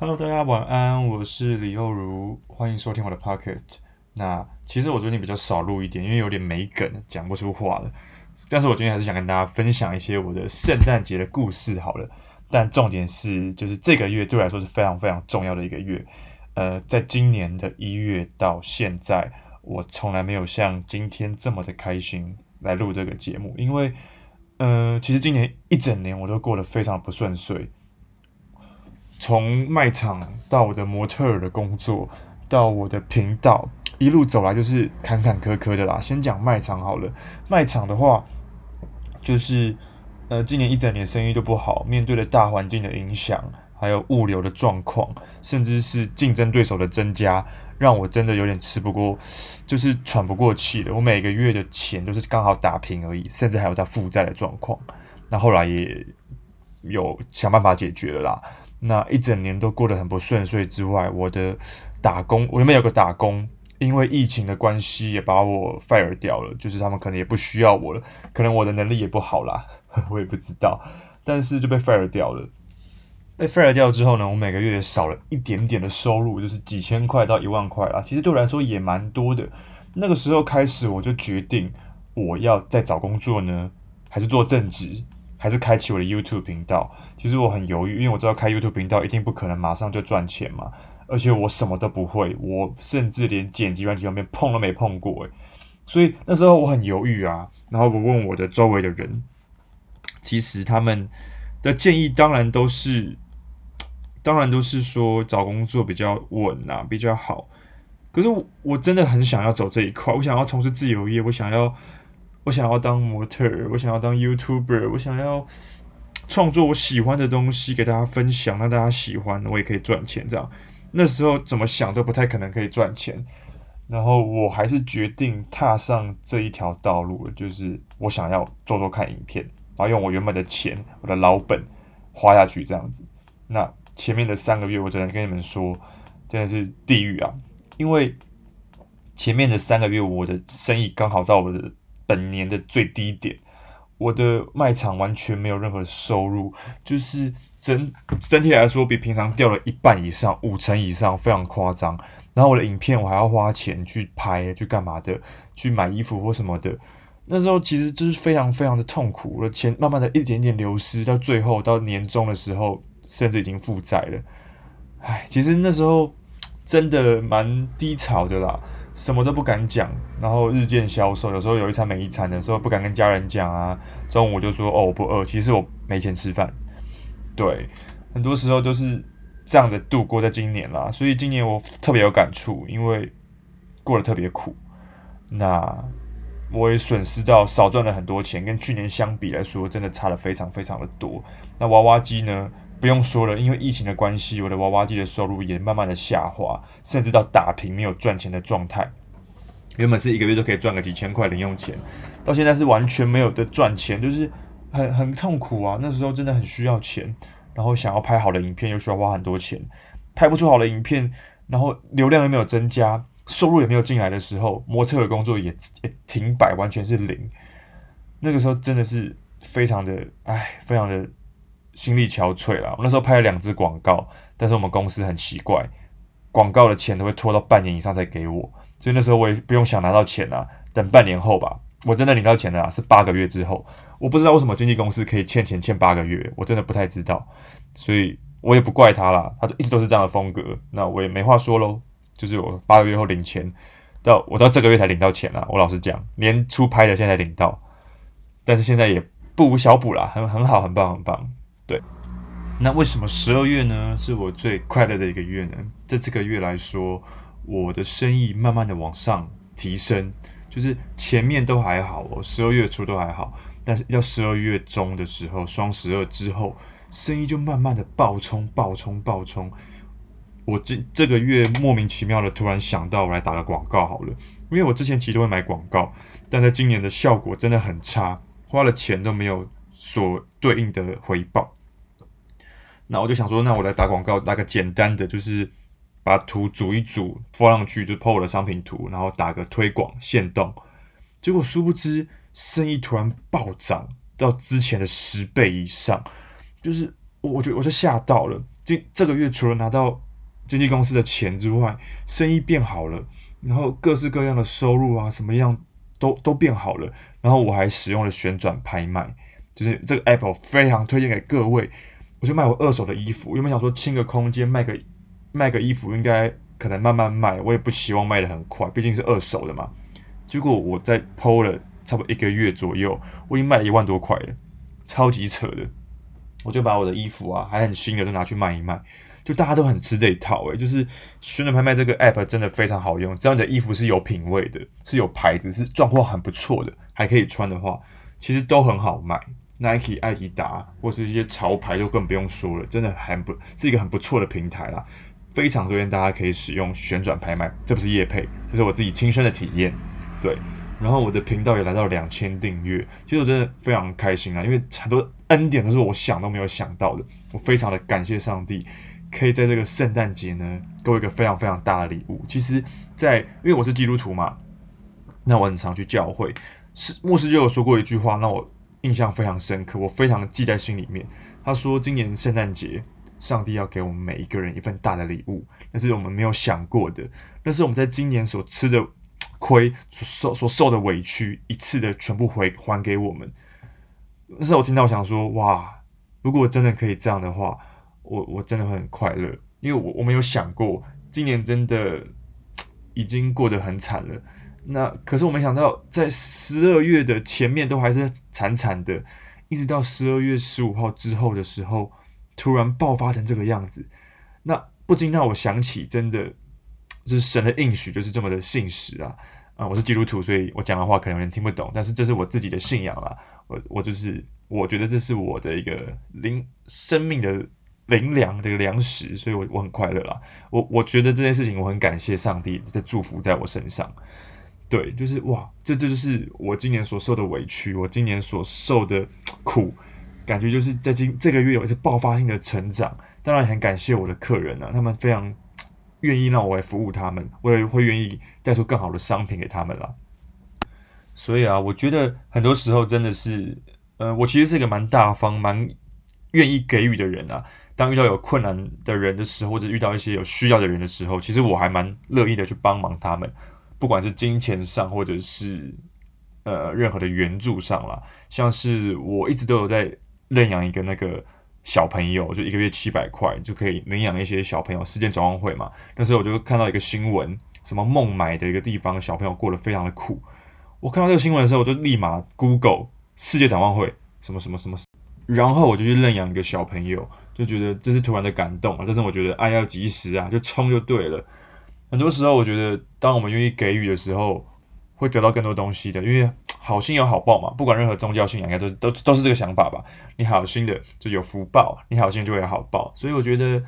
Hello，大家晚安，我是李又如，歡迎收聽我的 Podcast。那其實我最近比較少錄一點，因為有點沒梗，講不出話了。但是我今天還是想跟大家分享一些我的聖誕節的故事。好了，但重點是，就是這個月對我來說是非常非常重要的一個月。呃，在今年的一月到現在，我從來沒有像今天這麼的開心來錄這個節目，因為，呃，其實今年一整年我都過得非常不順遂。從賣場到我的模特兒的工作，到我的頻道一路走來，就是坎坎坷坷的啦。先講賣場好了，賣場的話，就是呃，今年一整年生意都不好，面對的大環境的影響，還有物流的狀況，甚至是競爭對手的增加，讓我真的有點吃不過，就是喘不過氣的。我每個月的錢都是剛好打平而已，甚至還有在負債的狀況。那後來也有想辦法解決了啦。那一整年都過得很不順遂之外，我的打工，我原本有個打工，因為疫情的關係也把我 fire 掉了，就是他們可能也不需要我了，可能我的能力也不好啦，我也不知道，但是就被 fire 掉了。被 fire 掉之後呢，我每個月也少了一點點的收入，就是幾千塊到一萬塊啦，其實對我來說也蠻多的。那個時候開始，我就決定我要再找工作呢，還是做正職。還是開啟我的 YouTube 頻道？其實我很猶豫，因為我知道開 YouTube 頻道一定不可能馬上就賺錢嘛，而且我什麼都不會，我甚至連剪輯軟件上面碰都沒碰過。誒，所以那時候我很猶豫啊。然後我問我的周圍的人，其實他們的建議當然都是，當然都是說找工作比較穩啊，比較好。可是我，我真的很想要走這一塊，我想要從事自由業，我想要。我想要當模特，我想要當 YouTuber，我想要創作我喜歡的東西給大家分享，讓大家喜歡，我也可以賺錢。這樣那時候怎麼想都不太可能可以賺錢。然後我還是決定踏上這一條道路，就是我想要做做看影片，然後用我原本的錢，我的老本花下去這樣子。那前面的三個月，我只能跟你們說，真的是地獄啊！因為前面的三個月，我的生意剛好到我的。本年的最低點，我的賣場完全沒有任何收入，就是整整體來說比平常掉了一半以上，五成以上，非常誇張。然後我的影片我還要花錢去拍，去幹嘛的，去買衣服或什麼的。那時候其實就是非常非常的痛苦，我的錢慢慢的一點點流失，到最後到年終的時候，甚至已經負債了。唉，其實那時候真的蠻低潮的啦。什麼都不敢講，然後日漸消瘦，有時候有一餐沒一餐的時候，不敢跟家人講啊。中午我就說，哦，我不餓，其實我沒錢吃飯。對，很多時候都是這樣的度過在今年啦，所以今年我特別有感觸，因為過得特別苦。那我也損失到少賺了很多錢，跟去年相比來說，真的差得非常非常的多。那娃娃機呢？不用說了，因為疫情的關係，我的娃娃機的收入也慢慢的下滑，甚至到打平沒有賺錢的狀態。原本是一個月都可以賺個幾千塊零用錢，到現在是完全沒有的賺錢，就是很很痛苦啊。那時候真的很需要錢，然後想要拍好的影片又需要花很多錢，拍不出好的影片，然後流量又沒有增加，收入也沒有進來的時候，模特的工作也也停擺，完全是零。那個時候真的是非常的，唉，非常的。心力憔悴了。我那時候拍了兩支廣告，但是我們公司很奇怪，廣告的錢都會拖到半年以上才給我，所以那時候我也不用想拿到錢啊。等半年後吧，我真的領到錢了啦，是八個月之後。我不知道為什麼經紀公司可以欠錢欠八個月，我真的不太知道，所以我也不怪他啦，他就一直都是這樣的風格，那我也沒話說嘍。就是我八個月後領錢，到我到這個月才領到錢啊。我老實講，年初拍的現在才領到，但是現在也不無小補啦，很很好，很棒，很棒。對，那為什麼十二月呢？是我最快樂的一個月呢？在這個月來說，我的生意慢慢的往上提升，就是前面都還好哦，十二月初都還好，但是要十二月中的時候，雙十二之後，生意就慢慢的爆衝、爆衝、爆衝。我這這個月莫名其妙的突然想到，我來打個廣告好了，因為我之前其實都會買廣告，但在今年的效果真的很差，花了錢都沒有所對應的回報。那我就想說，那我來打廣告，打個簡單的，就是把圖組一組，放上去就破我的商品圖，然後打個推廣限動。結果殊不知，生意突然暴漲到之前的十倍以上，就是我，覺得，我就嚇到了。這這個月除了拿到經紀公司的錢之外，生意變好了，然後各式各樣的收入啊，什麼樣都都變好了。然後我還使用了旋轉拍賣，就是這個 APP 非常推薦給各位。我就賣我二手的衣服，原本想說清個空間賣個賣個衣服，應該可能慢慢賣，我也不希望賣得很快，畢竟是二手的嘛。結果我在 po 了差不多一個月左右，我已經賣了一萬多塊了，超級扯的。我就把我的衣服啊，還很新的都拿去賣一賣，就大家都很吃這一套、欸、就是旋轉拍賣這個 app 真的非常好用，只要你的衣服是有品味的，是有牌子，是狀況很不錯的，還可以穿的話，其實都很好賣。Nike、艾迪達或是一些潮牌都更不用說了，真的很不是一個很不錯的平台啦，非常推薦大家可以使用旋轉拍賣，這不是葉配，這是我自己親身的體驗。對，然後我的頻道也來到兩千訂閱，其實我真的非常開心啊，因為很多恩典都是我想都沒有想到的，我非常的感謝上帝，可以在這個聖誕節呢，給我一個非常非常大的禮物。其實在，在因為我是基督徒嘛，那我很常去教會，是牧師就有說過一句話，那我。印象非常深刻，我非常記在心裡面。他說：“今年聖誕節，上帝要給我們每一個人一份大的禮物，那是我們沒有想過的，那是我們在今年所吃的虧，所受所受的委屈，一次的全部回還給我們。”那時候我聽到，我想說：“哇，如果真的可以這樣的話，我我真的會很快樂，因為我我沒有想過，今年真的已經過得很慘了。”那可是我沒想到，在十二月的前面都還是慘慘的，一直到十二月十五號之後的時候，突然爆發成這個樣子，那不禁讓我想起，真的就是神的應許就是這麼的信實啊！啊、嗯，我是基督徒，所以我講的話可能有人聽不懂，但是這是我自己的信仰啊。我我就是我覺得這是我的一個靈生命的靈糧的糧食，所以我我很快樂啊。我我覺得這件事情我很感謝上帝在祝福在我身上。對，就是哇，這這就是我今年所受的委屈，我今年所受的苦，感覺就是在今這個月有一些爆發性的成長。當然很感謝我的客人啊，他們非常願意讓我來服務他們，我也會願意帶出更好的商品給他們了。所以啊，我覺得很多時候真的是，嗯、呃，我其實是一個蠻大方、蠻願意給予的人啊。當遇到有困難的人的時候，或者遇到一些有需要的人的時候，其實我還蠻樂意的去幫忙他們。不管是金錢上，或者是呃任何的援助上啦，像是我一直都有在認養一個那個小朋友，就一個月七百塊就可以領養一些小朋友。世界展望會嘛，那時候我就看到一個新聞，什麼孟買的一個地方小朋友過得非常的苦。我看到這個新聞的時候，我就立馬 Google 世界展望會什麼什麼什麼，然後我就去認養一個小朋友，就覺得這是突然的感動啊！這是我覺得愛要及時啊，就衝就對了。很多時候，我覺得當我們願意給予的時候，會得到更多東西的，因為好心有好報嘛。不管任何宗教信仰，應該都都都是這個想法吧？你好心的就有福報，你好心就會有好報。所以我覺得，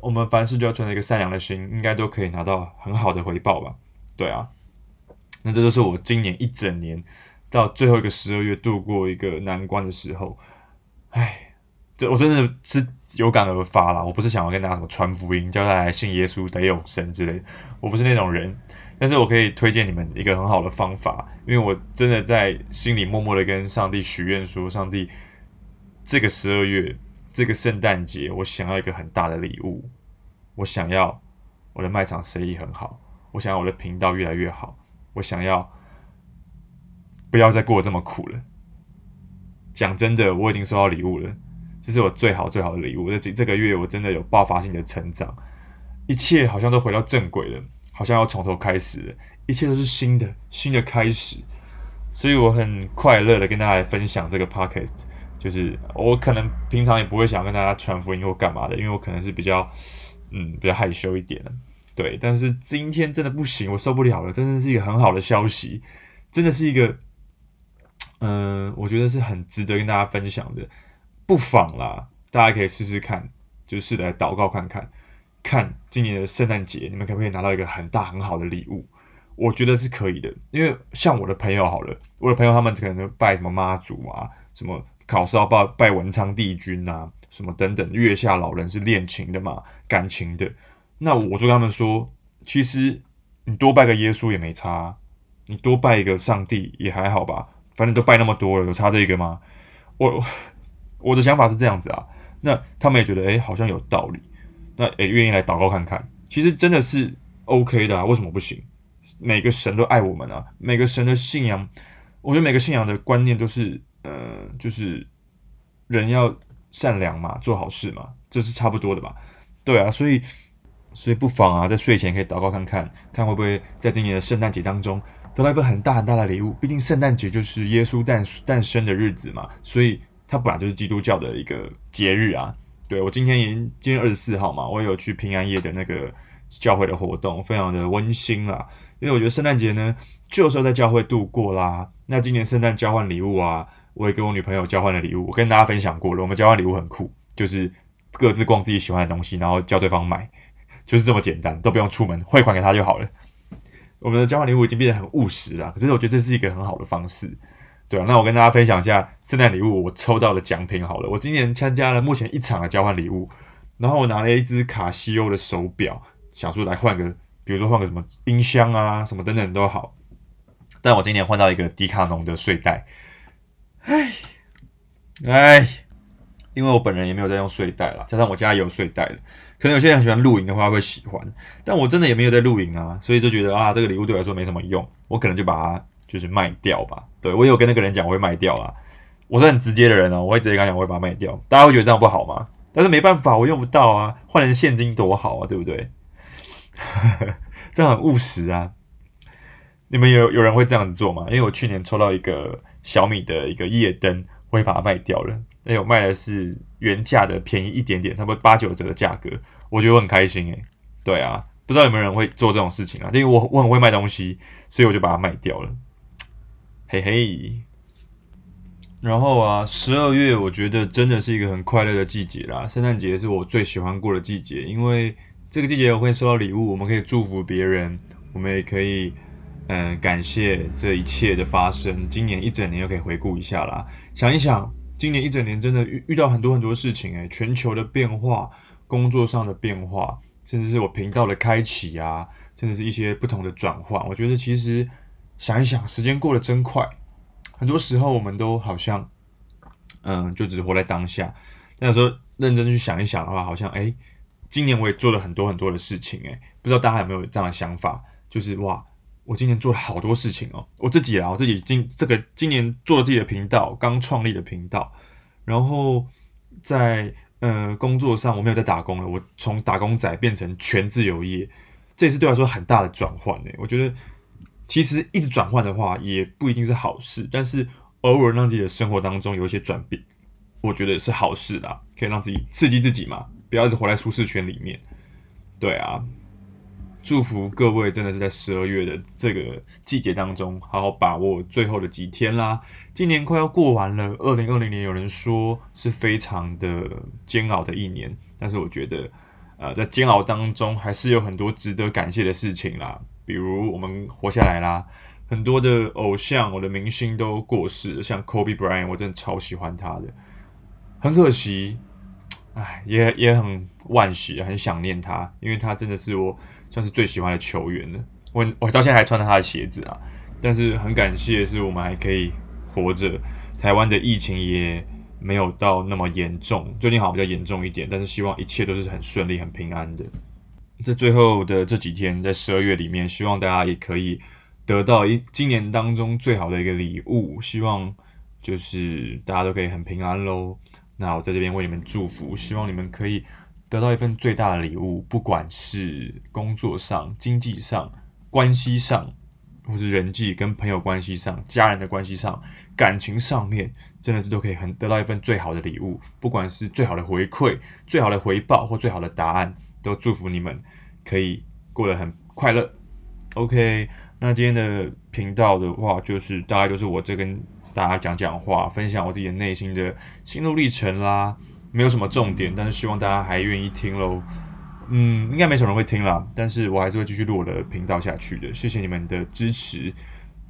我們凡事就要存着一個善良的心，應該都可以拿到很好的回報吧？對啊，那這就是我今年一整年到最後一個十二月度過一個難關的時候，哎，這我真的是。有感而發啦，我不是想要跟大家什麼傳福音、叫大家來信耶穌得永生之類，我不是那種人。但是我可以推薦你們一個很好的方法，因為我真的在心裡默默的跟上帝許願說：上帝，這個十二月，這個聖誕節，我想要一個很大的禮物。我想要我的賣場生意很好，我想要我的頻道越來越好，我想要不要再過得這麼苦了。講真的，我已經收到禮物了。這是我最好最好的禮物。這這這個月，我真的有爆發性的成長，一切好像都回到正軌了，好像要從頭開始了，一切都是新的，新的開始。所以我很快樂的跟大家來分享這個 podcast。就是我可能平常也不會想要跟大家傳福音或幹嘛的，因為我可能是比較嗯比較害羞一點的，對。但是今天真的不行，我受不了了。真的是一個很好的消息，真的是一個嗯、呃，我覺得是很值得跟大家分享的。不妨啦，大家可以試試看，就是來禱告看看，看今年的聖誕節你們可不可以拿到一個很大很好的禮物？我覺得是可以的，因為像我的朋友好了，我的朋友他們可能拜什麼媽祖啊，什麼考試要拜拜文昌帝君啊，什麼等等，月下老人是戀情的嘛，感情的。那我就跟他們說，其實你多拜個耶穌也沒差，你多拜一個上帝也還好吧，反正都拜那麼多了，有差這個嗎？我。我的想法是這樣子啊，那他們也覺得，哎、欸，好像有道理，那哎、欸、願意來禱告看看，其實真的是 OK 的啊，為什麼不行？每個神都愛我們啊，每個神的信仰，我覺得每個信仰的觀念都是，嗯、呃，就是人要善良嘛，做好事嘛，這是差不多的吧？對啊，所以，所以不妨啊，在睡前可以禱告看看，看會不會在今年的聖誕節當中得到一個很大很大的禮物，畢竟聖誕節就是耶穌誕誕生的日子嘛，所以。它本來就是基督教的一個節日啊，對，我今天已經今天二十四號嘛，我也有去平安夜的那個教會的活動，非常的溫馨啦。因為我覺得聖誕節呢，就是要在教會度過啦。那今年聖誕交換禮物啊，我也跟我女朋友交換了禮物，我跟大家分享過了。我們交換禮物很酷，就是各自逛自己喜歡的東西，然後叫對方買，就是這麼簡單，都不用出門，匯款給他就好了。我們的交換禮物已經變得很務實了，可是我覺得這是一個很好的方式。對啊，那我跟大家分享一下聖誕禮物我抽到的獎品好了。我今年參加了目前一場的交換禮物，然後我拿了一只卡西歐的手表，想說來換個，比如說換個什麼冰箱啊，什麼等等都好。但我今年換到一個迪卡儂的睡袋，唉，唉，因為我本人也沒有在用睡袋啦，加上我家也有睡袋了，可能有些人喜歡露營的話會喜歡，但我真的也沒有在露營啊，所以就覺得啊，這個禮物對我來說沒什麼用，我可能就把它。就是賣掉吧，對，我也有跟那個人講我會賣掉啊，我是很直接的人哦、喔，我會直接跟他講我會把它賣掉，大家會覺得這樣不好嗎？但是沒辦法，我用不到啊，換成現金多好啊，對不對？ 這樣很務實啊，你們有有人會這樣子做嗎？因為我去年抽到一個小米的一個夜燈，我也把它賣掉了，哎、欸，我賣的是原價的便宜一點點，差不多八九折的價格，我覺得我很開心哎、欸，對啊，不知道有沒有人會做這種事情啊？因為我我很會賣東西，所以我就把它賣掉了。嘿嘿、hey, hey，然後啊，十二月我覺得真的是一個很快樂的季節啦。聖誕節是我最喜歡過的季節，因為這個季節我會收到禮物，我們可以祝福別人，我們也可以嗯感謝這一切的發生。今年一整年又可以回顧一下啦，想一想，今年一整年真的遇遇到很多很多事情誒、欸，全球的變化，工作上的變化，甚至是我頻道的開啟啊，甚至是一些不同的轉換。我覺得其實。想一想，時間過得真快。很多時候，我們都好像，嗯、呃，就只活在當下。但有時候認真去想一想的話，好像，哎、欸，今年我也做了很多很多的事情、欸。誒，不知道大家有沒有這樣的想法？就是，哇，我今年做了好多事情哦、喔。我自己啊，我自己今這個今年做了自己的頻道，剛創立的頻道。然後在，在呃工作上，我沒有在打工了，我從打工仔變成全自由業，這也是對我來說很大的轉換。哎，我覺得。其實一直轉換的話，也不一定是好事。但是偶爾讓自己的生活當中有一些轉變，我覺得是好事啦。可以讓自己刺激自己嘛，不要一直活在舒適圈裡面。對啊，祝福各位真的是在十二月的這個季節當中，好好把握最後的幾天啦。今年快要過完了，二零二零年有人說是非常的煎熬的一年，但是我覺得，呃，在煎熬當中還是有很多值得感謝的事情啦。比如我們活下來啦，很多的偶像、我的明星都過世了，像 Kobe Bryant，我真的超喜歡他的，很可惜，唉，也也很惋惜，很想念他，因為他真的是我算是最喜歡的球員了，我我到現在還穿著他的鞋子啊，但是很感謝是我們還可以活着，台灣的疫情也沒有到那麼嚴重，最近好像比較嚴重一點，但是希望一切都是很順利、很平安的。在最後的這幾天，在十二月裡面，希望大家也可以得到一今年當中最好的一個禮物。希望就是大家都可以很平安嘍。那我在這邊為你們祝福，希望你們可以得到一份最大的禮物，不管是工作上、經濟上、關係上，或是人際跟朋友關係上、家人的關係上、感情上面，真的是都可以很得到一份最好的禮物，不管是最好的回饋、最好的回報或最好的答案。都祝福你們可以過得很快樂。OK，那今天的頻道的話，就是大概就是我這跟大家講講話，分享我自己的內心的心路歷程啦，沒有什麼重點，但是希望大家還願意聽嘍。嗯，應該沒什麼人會聽啦，但是我還是會繼續錄我的頻道下去的。謝謝你們的支持，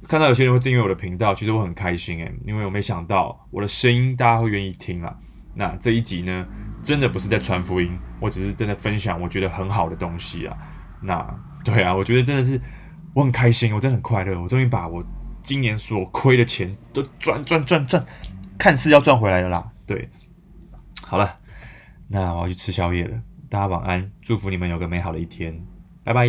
看到有些人會訂閱我的頻道，其實我很開心欸，因為我沒想到我的聲音大家會願意聽啦。那這一集呢，真的不是在傳福音，我只是真的分享我覺得很好的東西啊。那對啊，我覺得真的是我很開心，我真的很快樂，我終於把我今年所虧的錢都賺賺賺賺，看似要賺回來了啦。對，好了，那我要去吃宵夜了，大家晚安，祝福你們有個美好的一天，拜拜。